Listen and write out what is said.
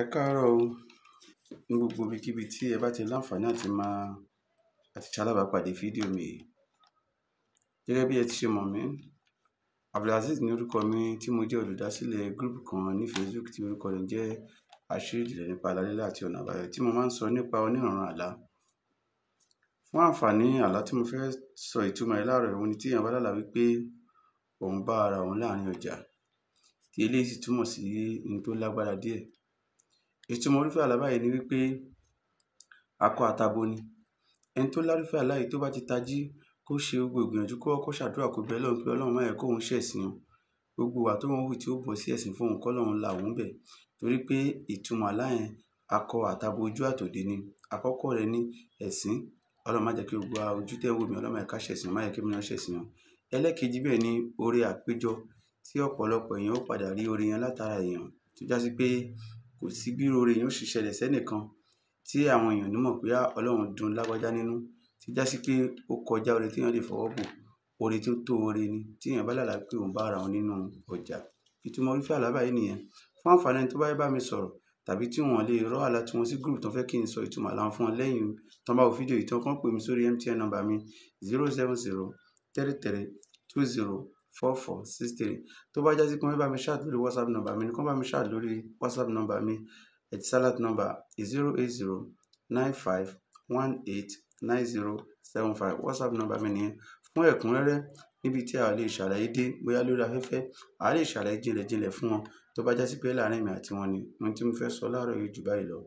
Ẹ káàárọ̀ o. Ní gbogbo ibikíbi tí ẹ bá ti láǹfààní àti máa àti ṣalábàápàdé fídíò mi yìí. Gẹ́gẹ́ bí ẹ ti ṣe mọ̀ mí, Abdulazeez ni orúkọ mi tí mo jẹ́ olùdásílẹ̀ group kan ní Facebook tí orúkọ rẹ̀ jẹ́ Àṣírí ìdílé nípa àlá lílá àti ọ̀nà àbáyọ tí mo máa ń sọ nípa onírànràn àlá. Fún àǹfààní àlá tí mo fẹ́ sọ ìtumọ̀ rẹ̀ láàárọ̀ òun ni tí èèyàn bá lálàá wípé òun bá ara òun láàárín ọjà, tí eléyìí sì túmọ̀ sí ohun tó lágbára díẹ̀ ìtumọ̀ irúfẹ́ àlá báyìí ni wípé akọ àtabo ni ẹni tó lárúfẹ́ àlá yìí tó bá ti tají kó ṣe gbogbo ìgbìyànjú kó kó ṣàdúrà kó bẹ lọ́run pé ọlọ́run máa yẹ kóun ṣẹ̀sìn o gbogbo wà tó wọn hù tí ó bọ̀ sí ẹ̀sìn fóun kọ́lọ́run là òun bẹ̀ torí pé ìtumọ̀ àlá akọ àtabo ojú àtòdè ni àkọ́kọ́ rẹ̀ ni ẹ̀sìn ọlọ́run má jẹ́ kí gbogbo ojú tẹ́ wò mí ọlọ́run má yẹ ká ṣẹ̀sìn má yẹ kí mi náà o ẹlẹ́kejì bẹ́ẹ̀ ni oore àpéjọ tí ọ̀pọ̀lọpọ̀ èèyàn ó padà rí oore yẹn látara èèyàn tó já sí pé kò sí bí oore yẹn ó ṣe ṣẹlẹ̀ sẹ́nìkan tí àwọn èèyàn ní mọ̀ pé ah, Ọlọ́run dùn lágbájá nínú tí já sí pé ó kọjá oore tí èèyàn lè fọwọ́ bò oore tó tó oore ni tí èèyàn bá lálàá pé òun bá ara òun nínú ọjà ìtumọ̀ orífẹ́ àlábà yìí nìyẹn fún àǹfààní ẹni tó bá bá mi sọ̀rọ̀ tàbí tí wọ́n lè rọ́ àlá tí sí group tó fẹ́ kí n sọ ìtumọ̀ àlá fún ọ lẹ́yìn tó bá wo fídíò ìtàn kan pè mí sórí MTN nọ́mbà mi zero seven zero three three two zero four four six three tó bá jásí pé wọ́n bá mi ṣáà lórí whatsapp number mi ni kán bá mi ṣáà lórí whatsapp number mi salad number zero eight zero nine five one eight nine zero seven five whatsapp number mi nìyẹn fún ẹ̀kúnrẹ́rẹ́ níbi tí a lè ṣàlàyé dé bóyá lórí afẹ́fẹ́ a lè ṣàlàyé jinlẹ̀jinlẹ̀ fún wọn tó bá jásí pé láàrin mi àti wọn ni ohun tí mo fẹ́ sọ láàárọ̀ yìí jù báyìí lọ.